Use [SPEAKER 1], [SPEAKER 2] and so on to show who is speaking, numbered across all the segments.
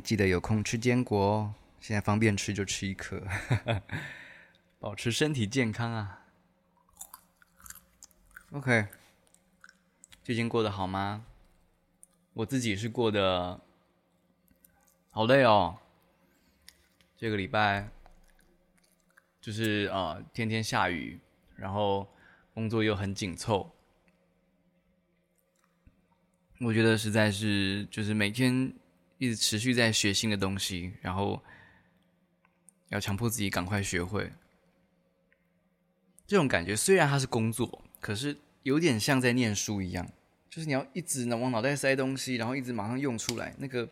[SPEAKER 1] 記得有空吃堅果哦。現在方便吃就吃一顆， 保持身體健康啊。OK，最近過得好嗎？我自己是過得好累哦。這個禮拜就是啊、呃，天天下雨，然後工作又很緊湊，我覺得實在是就是每天。一直持續在學新的東西，然後要強迫自己趕快學會。這種感覺雖然它是工作，可是有點像在念書一樣，就是你要一直往腦袋塞東西，然後一直馬上用出來。那個，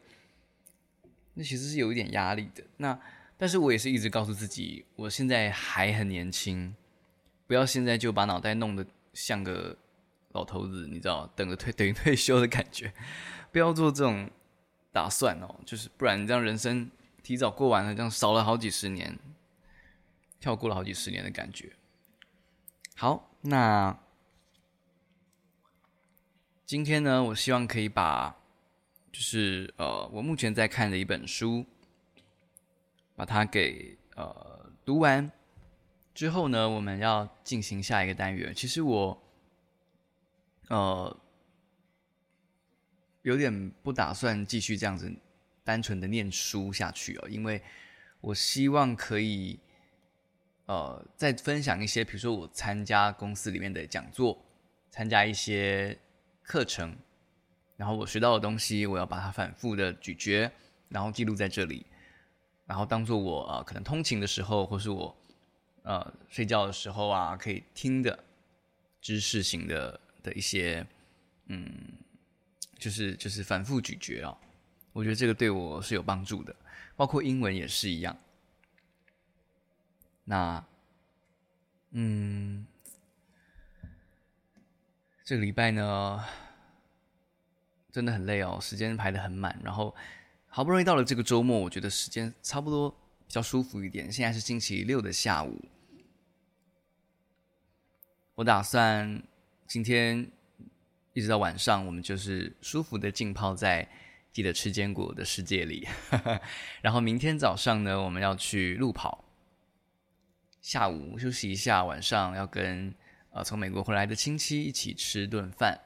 [SPEAKER 1] 那其實是有一點壓力的。那但是我也是一直告訴自己，我現在還很年輕，不要現在就把腦袋弄得像個老頭子，你知道，等着退等於退休的感覺，不要做這種。打算哦，就是不然你這樣人生提早過完了，這樣少了好幾十年，跳過了好幾十年的感覺。好，那今天呢，我希望可以把，就是呃，我目前在看的一本書，把它給呃讀完之後呢，我們要進行下一個單元。其實我，呃。有點不打算繼續這樣子單純的念書下去哦，因為我希望可以，呃，再分享一些，比如說我參加公司裡面的講座，參加一些課程，然後我學到的東西，我要把它反覆的咀嚼，然後記錄在這裡，然後當做我，呃，可能通勤的時候，或是我呃睡覺的時候啊，可以聽的知識型的的一些嗯。就是就是反復咀嚼哦，我覺得這個對我是有幫助的，包括英文也是一樣。那，嗯，這個禮拜呢，真的很累哦，時間排得很滿，然後好不容易到了這個周末，我覺得時間差不多比較舒服一點。現在是星期六的下午，我打算今天。一直到晚上，我們就是舒服地浸泡在記得吃堅果的世界裡。 然後明天早上呢，我們要去路跑。下午休息一下，晚上要跟呃從美國回來的親戚一起吃頓飯。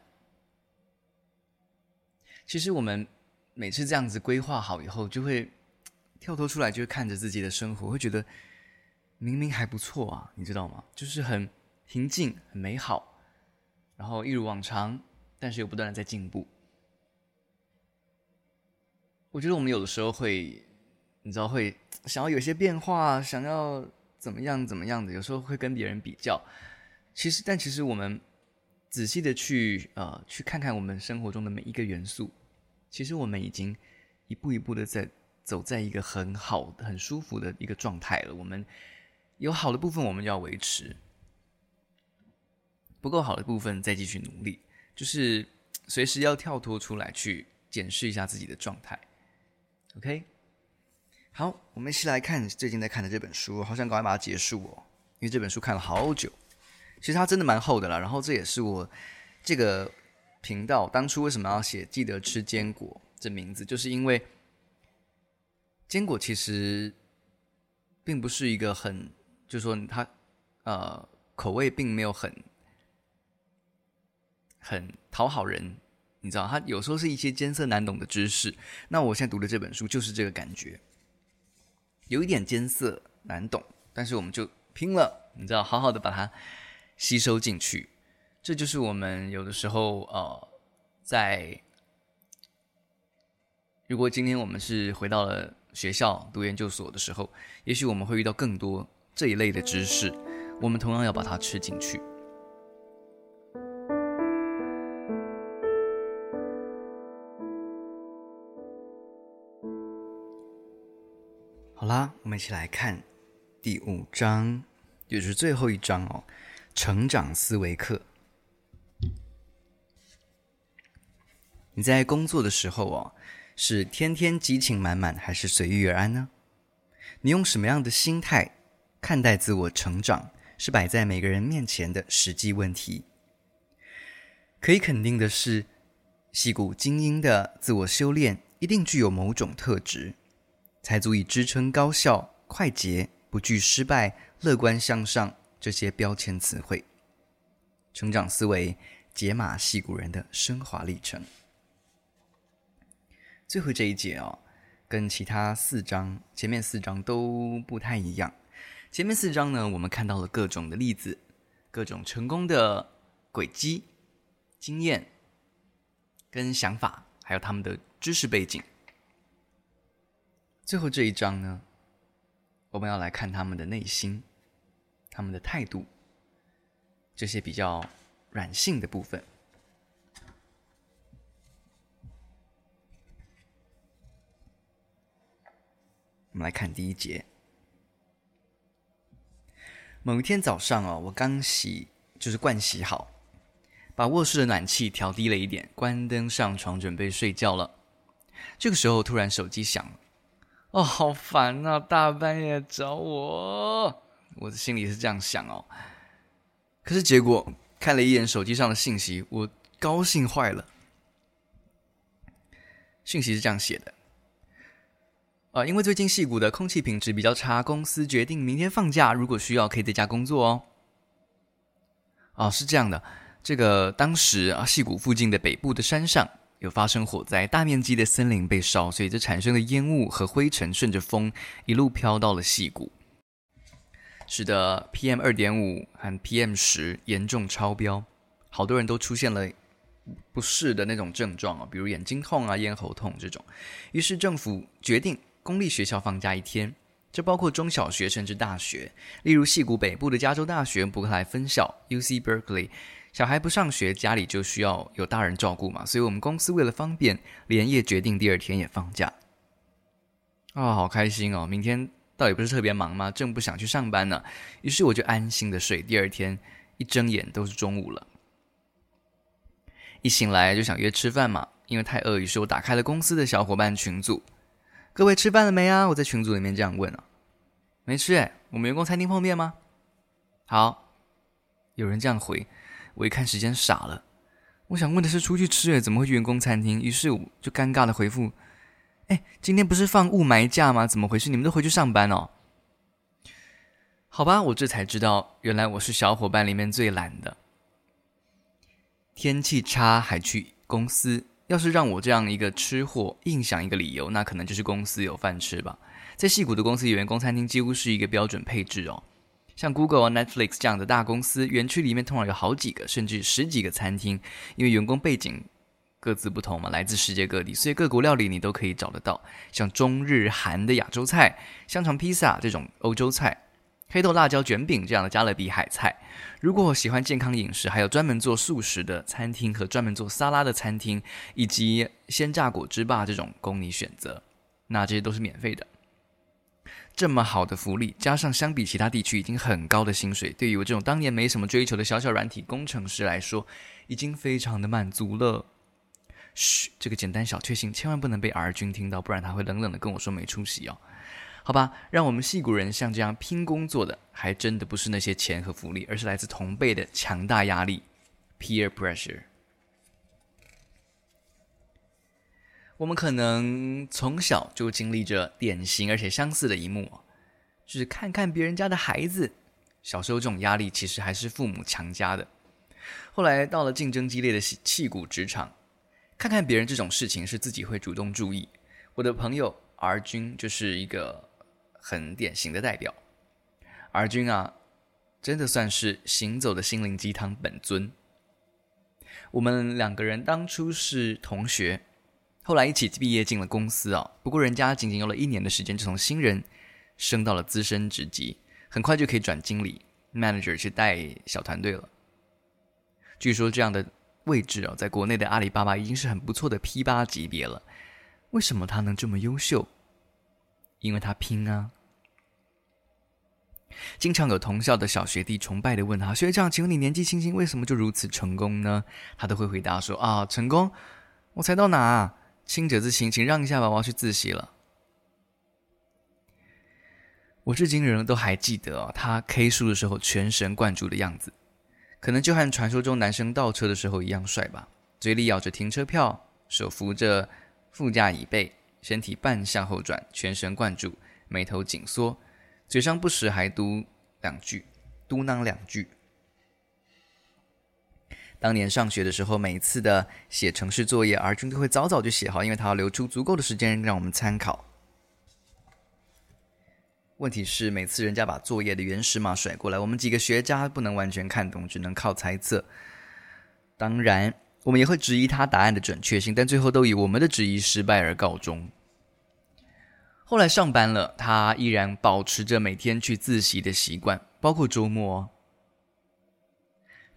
[SPEAKER 1] 其實我們每次這樣子規劃好以後，就會跳脫出來，就會看着自己的生活，會覺得明明還不錯啊，你知道嗎？就是很平靜、很美好，然後一如往常。但是又不斷的在進步。我覺得我們有的時候會，你知道會想要有些變化，想要怎麼樣怎麼樣的，有時候會跟別人比較。其實，但其實我們仔細的去呃去看看我們生活中的每一個元素，其實我們已經一步一步的在走在一個很好、很舒服的一個狀態了。我們有好的部分，我們就要維持；不夠好的部分，再繼續努力。就是隨時要跳脫出來去檢視一下自己的狀態，OK？好，我們一起來看最近在看的這本書，好想趕快把它結束哦，因為這本書看了好久，其實它真的蠻厚的啦。然後這也是我這個頻道當初為什麼要寫“記得吃堅果”這名字，就是因為堅果其實並不是一個很，就是說它呃口味並沒有很。很討好人，你知道，他有時候是一些艱澀難懂的知識。那我現在讀的這本書就是這個感覺，有一點艱澀難懂，但是我們就拼了，你知道，好好的把它吸收進去。這就是我們有的時候，呃，在如果今天我們是回到了學校讀研究所的時候，也許我們會遇到更多這一類的知識，我們同樣要把它吃進去。我們一起來看第五章，也就是最後一章哦。成長思維課，你在工作的時候哦，是天天激情滿滿，還是隨遇而安呢？你用什麼樣的心態看待自我成長，是擺在每個人面前的實際問題。可以肯定的是，矽谷精英的自我修煉一定具有某種特質。才足以支撐高效、快捷、不懼失敗、樂觀向上這些標籤詞彙，成長思維解碼矽谷人的升華歷程。最後這一節哦，跟其他四章前面四章都不太一樣。前面四章呢，我們看到了各種的例子、各種成功的軌跡、經驗、跟想法，還有他們的知識背景。最後這一章呢，我們要來看他們的內心，他們的態度，這些比較軟性的部分。我們來看第一節。某一天早上哦，我剛洗，就是盥洗好，把臥室的暖氣調低了一點，關燈上床準備睡覺了。這個時候突然手機響了。哦，好煩啊！大半夜找我，我的心裡是這樣想哦。可是結果看了一眼手機上的信息，我高興壞了。信息是這樣寫的：啊，因為最近矽谷的空氣品質比較差，公司決定明天放假，如果需要可以在家工作哦。哦、啊，是這樣的，這個當時啊，矽谷附近的北部的山上。有發生火災，大面積的森林被燒，所以就產生了煙霧和灰塵，順着風一路飄到了矽谷，使得 PM2.5 和 PM10 嚴重超標，好多人都出現了不適的那種症狀，比如眼睛痛啊、咽喉痛這種。於是政府決定公立學校放假一天，這包括中小學甚至大學，例如矽谷北部的加州大學伯克萊分校 （UC Berkeley）。小孩不上學，家裡就需要有大人照顧嘛，所以我們公司為了方便，連夜決定第二天也放假。啊、哦，好開心哦！明天倒也不是特別忙嘛，正不想去上班呢，於是我就安心的睡。第二天一睜眼都是中午了，一醒來就想約吃飯嘛，因為太餓。於是我打開了公司的小夥伴群組，各位吃飯了沒啊？我在群組裡面這樣問啊，沒吃哎，我們員工餐廳碰面嗎？好，有人這樣回。我一看時間，傻了。我想問的是，出去吃誒，怎麼會去員工餐廳？於是我就尷尬的回復：“哎，今天不是放霧霾假嗎？怎麼回事？你們都回去上班哦。”好吧，我這才知道，原來我是小伙伴裡面最懶的。天氣差還去公司，要是讓我這樣一個吃貨硬想一個理由，那可能就是公司有飯吃吧。在矽谷的公司有員工餐廳，幾乎是一個標準配置哦。像 Google 啊 Netflix 這樣的大公司園區裡面通常有好幾個甚至十幾個餐廳，因為員工背景各自不同嘛，來自世界各地，所以各國料理你都可以找得到。像中日韓的亞洲菜，香腸披薩這種歐洲菜，黑豆辣椒捲餅這樣的加勒比海菜。如果喜歡健康飲食，還有專門做素食的餐廳和專門做沙拉的餐廳，以及鮮榨果汁吧這種供你選擇。那這些都是免費的。這麼好的福利，加上相比其他地區已經很高的薪水，對於我這種當年沒什麼追求的小小軟體工程師來說，已經非常的滿足了。噓，這個簡單小確幸千萬不能被 R 君聽到，不然他會冷冷的跟我說沒出息哦。好吧，讓我們矽谷人像這樣拼工作的，還真的不是那些錢和福利，而是來自同輩的強大壓力，peer pressure。我們可能從小就經歷着典型而且相似的一幕，就是看看別人家的孩子。小時候這種壓力其實還是父母強加的。後來到了競爭激烈的矽谷職場，看看別人這種事情是自己會主動注意。我的朋友兒君就是一個很典型的代表。兒君啊，真的算是行走的心靈雞湯本尊。我們兩個人當初是同學。後來一起畢業進了公司啊、哦，不過人家僅僅用了一年的時間，就從新人升到了資深職級，很快就可以轉經理 （manager） 去帶小團隊了。據說這樣的位置啊、哦，在國內的阿里巴巴已經是很不錯的 P8 級別了。為什麼他能這麼優秀？因為他拼啊！經常有同校的小學弟崇拜地問他：“學長，請問你年紀輕輕，為什麼就如此成功呢？”他都會回答說：“啊，成功？我才到哪？”清者自清，請讓一下吧，我要去自習了。我至今仍都還記得、哦、他 K 書的時候全神貫注的樣子，可能就和傳說中男生倒車的時候一樣帥吧。嘴裡咬着停車票，手扶着副駕椅背，身體半向後轉，全神貫注，眉頭緊縮，嘴上不時還嘟兩句，嘟囔兩句。當年上學的時候，每一次的寫程式作業，二軍都會早早就寫好，因為他要留出足夠的時間讓我們參考。問題是，每次人家把作業的原始碼甩過來，我們幾個學渣不能完全看懂，只能靠猜測。當然，我們也會質疑他答案的準確性，但最後都以我們的質疑失敗而告終。後來上班了，他依然保持着每天去自習的習慣，包括周末。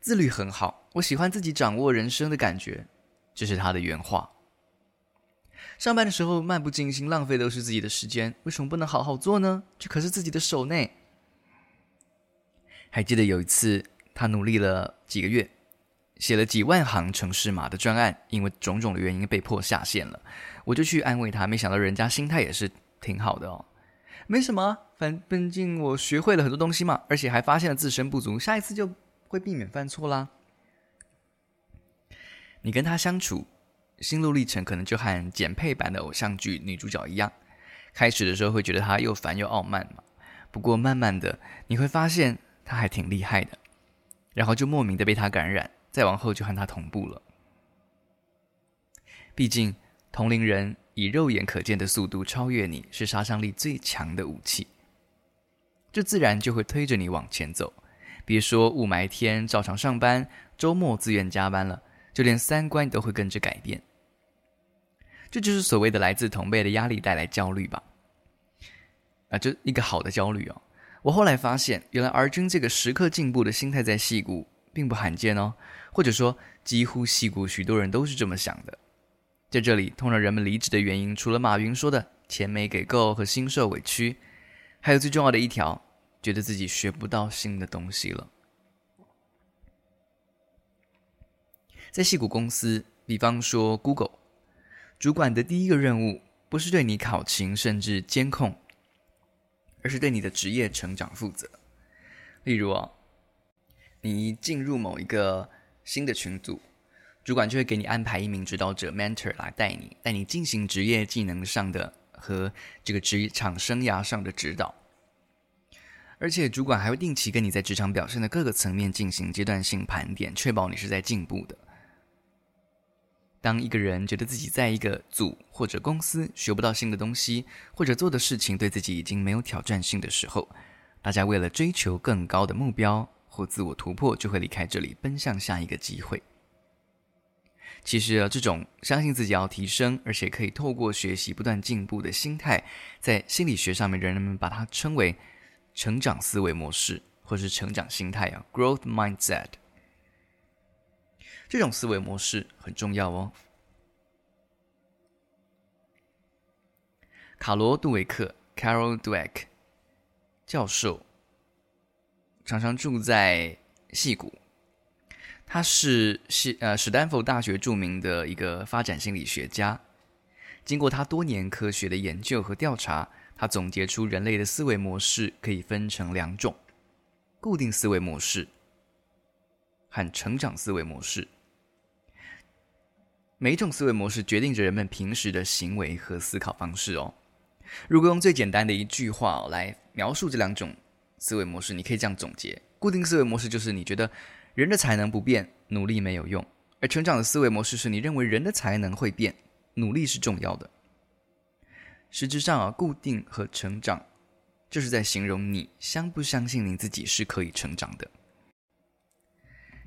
[SPEAKER 1] 自律，很好，我喜歡自己掌握人生的感覺。這是他的原話。上班的時候漫不經心，浪費都是自己的時間，為什麼不能好好做呢？這可是自己的手呢。還記得有一次，他努力了幾個月，寫了幾萬行程式碼的專案，因為種種的原因被迫下線了。我就去安慰他，沒想到人家心態也是挺好的哦，沒什麼，反正畢竟我學會了很多東西嘛，而且還發現了自身不足，下一次就。會避免犯錯啦。你跟他相處，心路歷程可能就和減配版的偶像劇女主角一樣，開始的時候會覺得他又煩又傲慢嘛。不過慢慢的，你會發現他還挺厲害的，然後就莫名的被他感染，再往後就和他同步了。畢竟同齡人以肉眼可見的速度超越你是殺傷力最強的武器，這自然就會推着你往前走。別說霧霾天照常上班，周末自願加班了，就連三觀都會跟着改變。這就是所謂的來自同輩的壓力帶來焦慮吧？啊，就一個好的焦慮哦。我後來發現，原來 R 君這個時刻進步的心態在矽谷並不罕見哦，或者說幾乎矽谷許多人都是這麼想的。在這裡，通常人們離職的原因，除了馬雲說的錢沒給夠和心受委屈，還有最重要的一條。覺得自己學不到新的東西了。在矽谷公司，比方說 Google，主管的第一個任務不是對你考勤甚至監控，而是對你的職業成長負責。例如哦，你進入某一個新的群組，主管就會給你安排一名指導者 （mentor） 來帶你，帶你進行職業技能上的和這個職場生涯上的指導。而且主管還會定期跟你在職場表現的各個層面進行階段性盤點，確保你是在進步的。當一個人覺得自己在一個組或者公司學不到新的東西，或者做的事情對自己已經沒有挑戰性的時候，大家為了追求更高的目標或自我突破，就會離開這裡，奔向下一個機會。其實啊，這種相信自己要提升，而且可以透過學習不斷進步的心態，在心理學上面人們把它稱為。成長思維模式，或是成長心態啊，growth mindset，這種思維模式很重要哦。卡羅杜維克 （Carol Dweck） 教授常常住在矽谷，他是矽，呃，史丹佛大學著名的一個發展心理學家。經過他多年科學的研究和調查。他總結出人類的思維模式可以分成兩種：固定思維模式和成長思維模式。每一種思維模式決定着人們平時的行為和思考方式哦。如果用最簡單的一句話來描述這兩種思維模式，你可以這樣總結：固定思維模式就是你覺得人的才能不變，努力沒有用；而成長的思維模式是你認為人的才能會變，努力是重要的。實質上啊，固定和成長，就是在形容你相不相信你自己是可以成長的。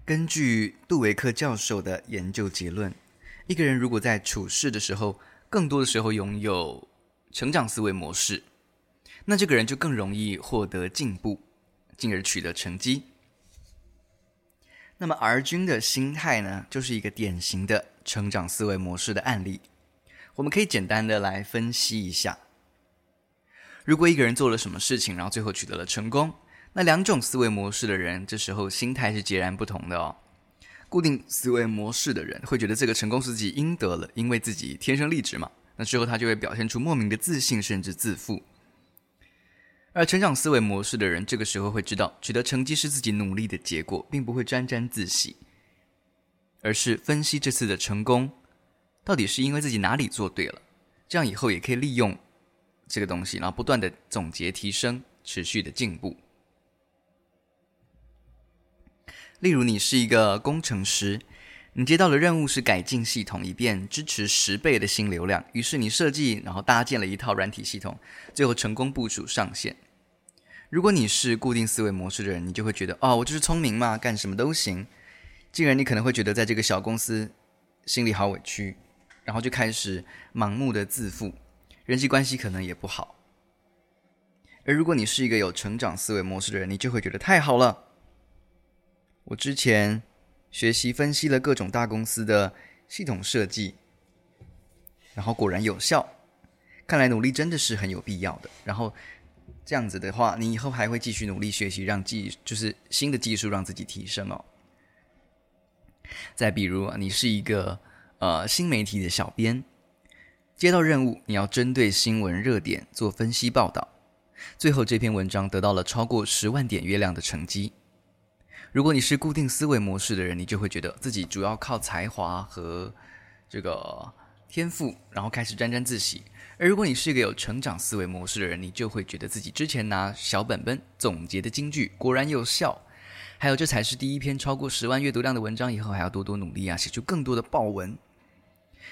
[SPEAKER 1] 根據杜維克教授的研究結論，一個人如果在處事的時候，更多的時候擁有成長思維模式，那這個人就更容易獲得進步，進而取得成績。那麼，R 君的心態呢，就是一個典型的成長思維模式的案例。我們可以簡單的來分析一下，如果一個人做了什麼事情，然後最後取得了成功，那兩種思維模式的人這時候心態是截然不同的哦。固定思維模式的人會覺得這個成功是自己應得的，因為自己天生麗質嘛，那之後他就會表現出莫名的自信甚至自負。而成長思維模式的人這個時候會知道，取得成績是自己努力的結果，並不會沾沾自喜，而是分析這次的成功。到底是因為自己哪裡做對了，這樣以後也可以利用這個東西，然後不斷的總結提升，持續的進步。例如，你是一個工程師，你接到的任務是改進系統，以便支持十倍的新流量。於是你設計，然後搭建了一套軟體系統，最後成功部署上線。如果你是固定思維模式的人，你就會覺得哦，我就是聰明嘛，幹什麼都行。竟然你可能會覺得，在這個小公司，心裡好委屈。然後就開始盲目的自負，人際關係可能也不好。而如果你是一個有成長思維模式的人，你就會覺得太好了。我之前學習分析了各種大公司的系統設計，然後果然有效。看來努力真的是很有必要的。然後這樣子的話，你以後還會繼續努力學習，讓技就是新的技術讓自己提升哦。再比如你是一個。呃，新媒體的小編接到任務，你要針對新聞熱點做分析報道。最後這篇文章得到了超過十萬點閱量的成績。如果你是固定思維模式的人，你就會覺得自己主要靠才華和這個天賦，然後開始沾沾自喜。而如果你是一個有成長思維模式的人，你就會覺得自己之前拿小本本總結的金句果然有效，還有這才是第一篇超過十萬閱讀量的文章，以後還要多多努力啊，寫出更多的爆文。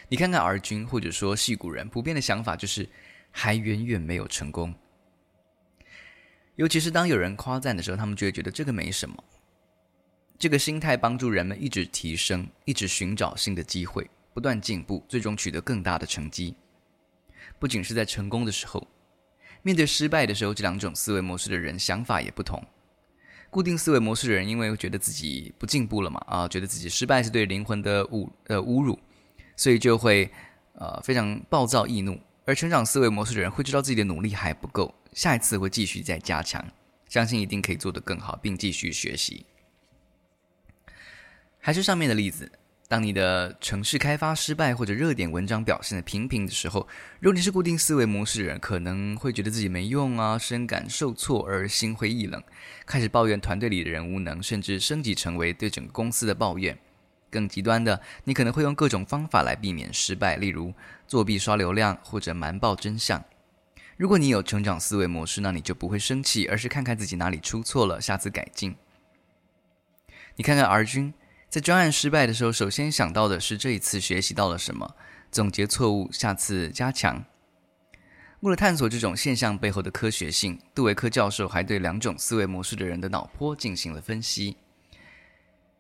[SPEAKER 1] 你看看而今或者說矽谷人普遍的想法就是還遠遠沒有成功，尤其是當有人誇讚的時候，他們就會覺得這個沒什麼。這個心態幫助人們一直提升，一直尋找新的機會，不斷進步，最終取得更大的成績。不僅是在成功的時候，面對失敗的時候，這兩種思維模式的人想法也不同。固定思維模式的人因為覺得自己不進步了嘛，啊，覺得自己失敗是對靈魂的侮呃侮辱。所以就會，呃，非常暴躁易怒。而成長思維模式的人會知道自己的努力還不夠，下一次會繼續再加強，相信一定可以做得更好，並繼續學習。還是上面的例子，當你的城市開發失敗或者熱點文章表現得平平的時候，如果你是固定思維模式的人，可能會覺得自己沒用啊，深感受挫而心灰意冷，開始抱怨團隊裡的人無能，甚至升級成為對整個公司的抱怨。更極端的，你可能會用各種方法來避免失敗，例如作弊、刷流量或者瞞報真相。如果你有成長思維模式，那你就不會生氣，而是看看自己哪裡出錯了，下次改進。你看看 R 君，在專案失敗的時候，首先想到的是這一次學習到了什麼，總結錯誤，下次加強。為了探索這種現象背後的科學性，杜維克教授還對兩種思維模式的人的腦波進行了分析。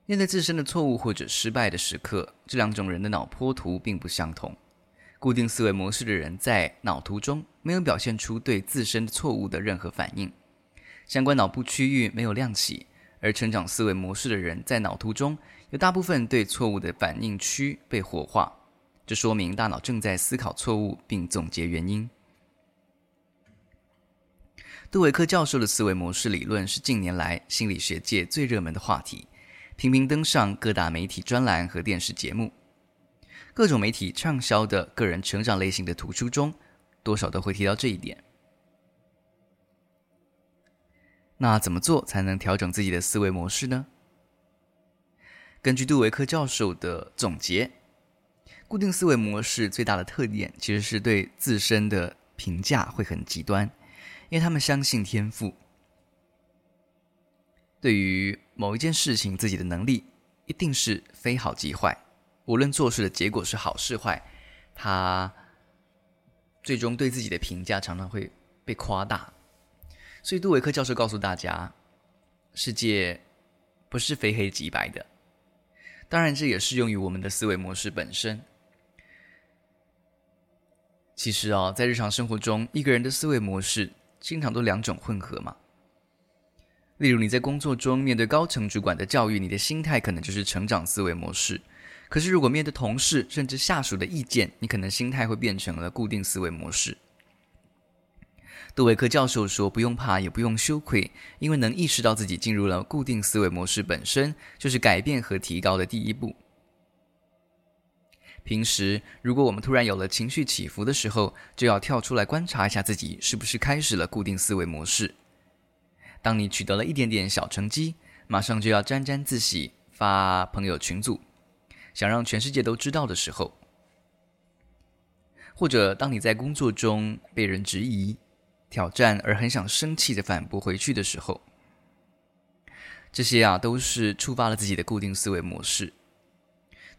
[SPEAKER 1] 面對自身的錯誤或者失敗的時刻，這兩種人的腦波圖並不相同。固定思維模式的人在腦圖中沒有表現出對自身的錯誤的任何反應，相關腦部區域沒有亮起；而成長思維模式的人在腦圖中有大部分對錯誤的反應區被活化，這說明大腦正在思考錯誤並總結原因。杜維克教授的思維模式理論是近年來心理學界最熱門的話題。頻頻登上各大媒體專欄和電視節目，各種媒體暢銷的個人成長類型的圖書中，多少都會提到這一點。那怎麼做才能調整自己的思維模式呢？根據杜維克教授的總結，固定思維模式最大的特點其實是對自身的評價會很極端，因為他們相信天賦。對於某一件事情，自己的能力一定是非好即壞。無論做事的結果是好是壞，他最終對自己的評價常常會被誇大。所以，杜維克教授告訴大家，世界不是非黑即白的。當然，這也適用於我們的思維模式本身。其實啊、哦，在日常生活中，一個人的思維模式經常都兩種混合嘛。例如，你在工作中面對高層主管的教育，你的心態可能就是成長思維模式；可是，如果面對同事甚至下屬的意見，你可能心態會變成了固定思維模式。杜維克教授說：“不用怕，也不用羞愧，因為能意識到自己進入了固定思維模式本身就是改變和提高的第一步。”平時，如果我們突然有了情緒起伏的時候，就要跳出來觀察一下自己是不是開始了固定思維模式。當你取得了一點點小成績，馬上就要沾沾自喜，發朋友群組，想讓全世界都知道的時候；或者當你在工作中被人質疑、挑戰，而很想生氣地反駁回去的時候，這些啊，都是觸發了自己的固定思維模式。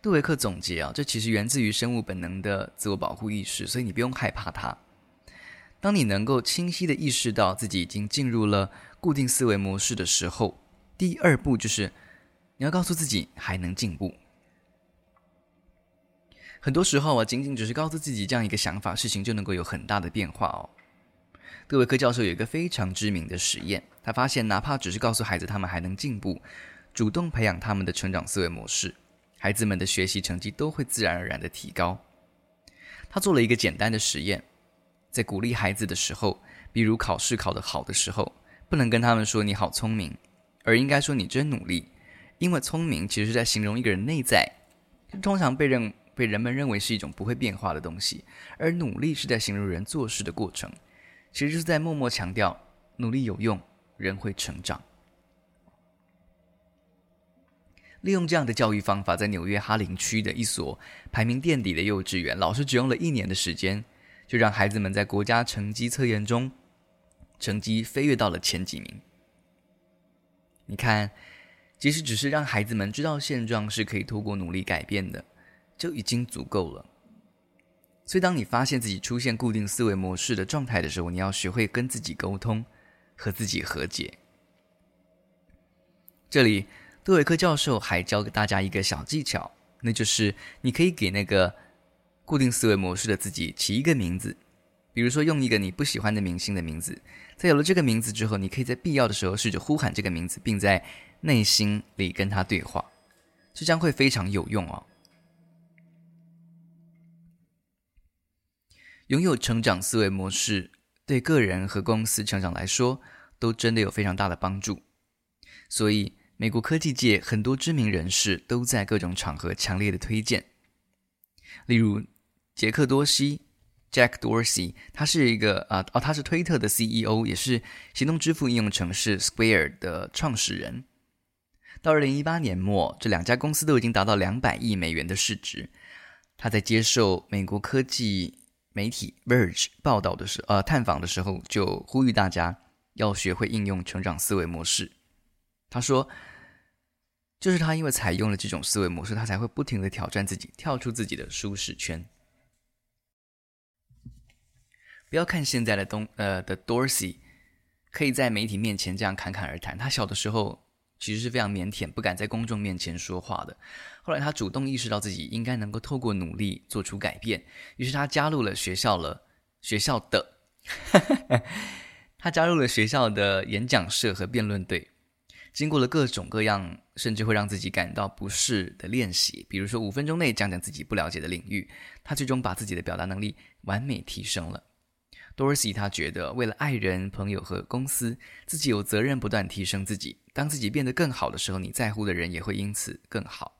[SPEAKER 1] 杜維克總結啊，這其實源自於生物本能的自我保護意識，所以你不用害怕它。當你能夠清晰地意識到自己已經進入了。固定思維模式的時候，第二步就是你要告訴自己還能進步。很多時候啊，僅僅只是告訴自己這樣一個想法，事情就能夠有很大的變化哦。德韋克教授有一個非常知名的實驗，他發現，哪怕只是告訴孩子他們還能進步，主動培養他們的成長思維模式，孩子們的學習成績都會自然而然地提高。他做了一個簡單的實驗，在鼓勵孩子的時候，比如考試考得好的時候。不能跟他們說，你好聰明，而應該說，你真努力。因為聰明其實是在形容一個人內在，通常被認被人們認為是一種不會變化的東西；而努力是在形容人做事的過程，其實是在默默強調努力有用，人會成長。利用這樣的教育方法，在紐約哈林區的一所排名墊底的幼稚園，老師只用了一年的時間，就讓孩子們在國家成績測驗中。成績飛躍到了前幾名。你看，即使只是讓孩子們知道現狀是可以通過努力改變的，就已經足夠了。所以，當你發現自己出現固定思維模式的狀態的時候，你要學會跟自己溝通，和自己和解。這裡，杜維克教授還教給大家一個小技巧，那就是你可以給那個固定思維模式的自己起一個名字。比如說，用一個你不喜歡的明星的名字，在有了這個名字之後，你可以在必要的時候試着呼喊這個名字，並在內心裡跟他對話，這將會非常有用哦。擁有成長思維模式，對個人和公司成長來說，都真的有非常大的幫助。所以，美國科技界很多知名人士都在各種場合強烈的推薦，例如傑克多西。Jack Dorsey，他是一個啊哦，他是推特的 CEO，也是行動支付應用程式 Square 的創始人。到二零一八年末，這兩家公司都已經達到兩百億美元的市值。他在接受美國科技媒體 Verge 報道的時呃探訪的時候，就呼籲大家要學會應用成長思維模式。他說，就是他因為採用了這種思維模式，他才會不停地挑戰自己，跳出自己的舒適圈。不要看現在的東呃的 Dorsey，可以在媒體面前這樣侃侃而談。他小的時候其實是非常靦腆，不敢在公眾面前說話的。後來他主動意識到自己應該能夠透過努力做出改變，於是他加入了學校了，學校的，哈哈哈，他加入了學校的演講社和辯論隊，經過了各種各樣，甚至會讓自己感到不適的練習，比如說，五分鐘內講講自己不了解的領域。他最終把自己的表達能力完美提升了。Dorsey 他覺得，為了愛人、朋友和公司，自己有責任不斷提升自己。當自己變得更好的時候，你在乎的人也會因此更好。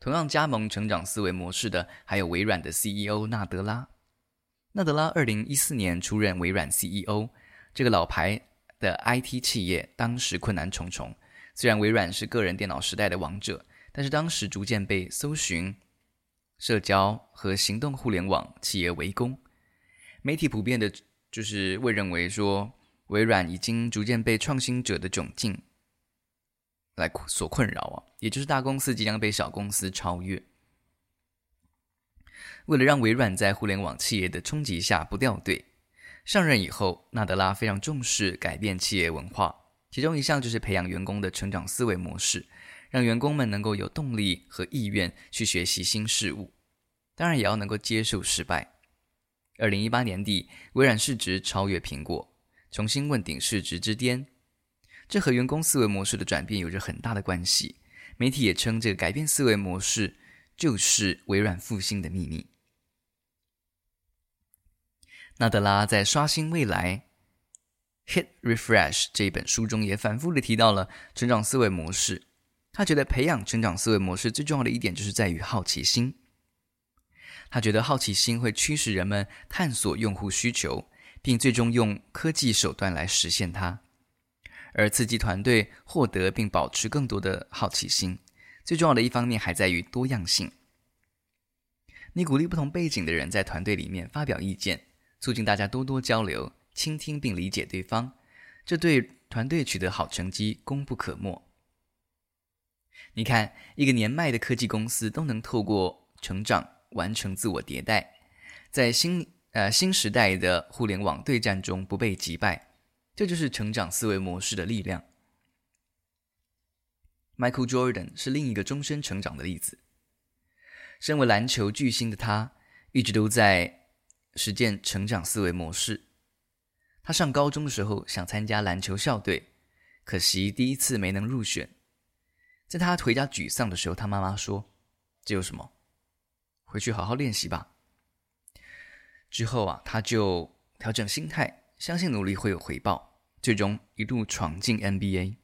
[SPEAKER 1] 同樣加盟成長思維模式的還有微軟的 CEO 納德拉。納德拉二零一四年出任微軟 CEO，這個老牌的 IT 企業當時困難重重。雖然微軟是個人電腦時代的王者，但是當時逐漸被搜尋、社交和行動互聯網企業圍攻。媒體普遍的就是會認為說，微軟已經逐漸被創新者的窘境來所困擾啊，也就是大公司即將被小公司超越。為了讓微軟在互聯網企業的衝擊下不掉隊，上任以後，納德拉非常重視改變企業文化，其中一項就是培養員工的成長思維模式，讓員工們能夠有動力和意願去學習新事物，當然也要能夠接受失敗。二零一八年底，微軟市值超越蘋果，重新問鼎市值之巔。這和員工思維模式的轉變有着很大的關係。媒體也稱，這個改變思維模式就是微軟復興的秘密。納德拉在《刷新未來》《Hit Refresh》這一本書中也反復的提到了成長思維模式。他覺得培養成長思維模式最重要的一點就是在於好奇心。他覺得好奇心會驅使人們探索用戶需求，並最終用科技手段來實現它，而刺激團隊獲得並保持更多的好奇心，最重要的一方面還在於多樣性。你鼓勵不同背景的人在團隊裡面發表意見，促進大家多多交流、傾聽並理解對方，這對團隊取得好成績功不可沒。你看，一個年邁的科技公司都能透過成長。完成自我迭代，在新呃新時代的互聯網對戰中不被擊敗，這就是成長思維模式的力量。Michael Jordan 是另一個終身成長的例子。身為籃球巨星的他，一直都在實踐成長思維模式。他上高中的時候想參加籃球校隊，可惜第一次沒能入選。在他回家沮喪的時候，他媽媽說：“這有什麼？”回去好好練習吧。之後啊，他就調整心態，相信努力會有回報。最終一路闖進 NBA。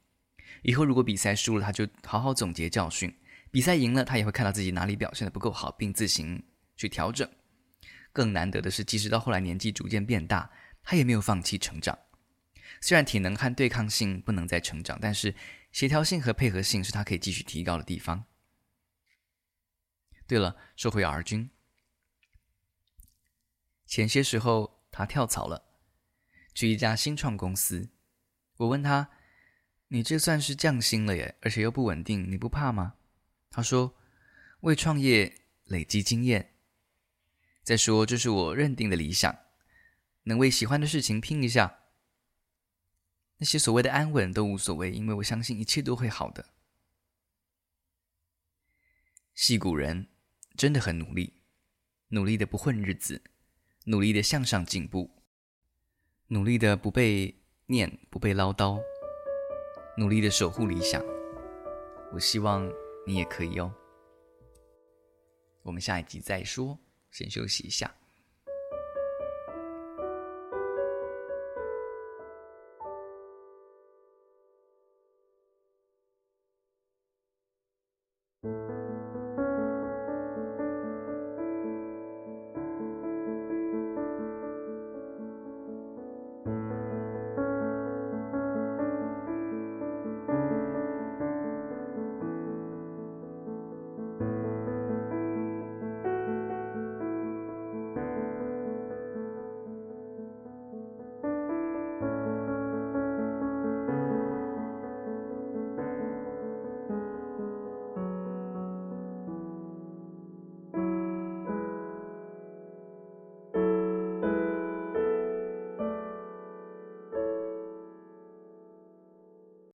[SPEAKER 1] 以後如果比賽輸了，他就好好總結教訓；比賽贏了，他也會看到自己哪裡表現得不夠好，並自行去調整。更難得的是，即使到後來年紀逐漸變大，他也沒有放棄成長。雖然體能和對抗性不能再成長，但是協調性和配合性是他可以繼續提高的地方。對了，說回兒君。前些時候他跳槽了，去一家新創公司。我問他：“你這算是降薪了耶？而且又不穩定，你不怕嗎？”他說：“為創業累積經驗，再說這是我認定的理想，能為喜歡的事情拼一下，那些所謂的安穩都無所謂，因為我相信一切都會好的。”矽谷人。真的很努力，努力的不混日子，努力的向上進步，努力的不被念，不被嘮叨，努力的守護理想。我希望你也可以哦。我們下一集再說，先休息一下。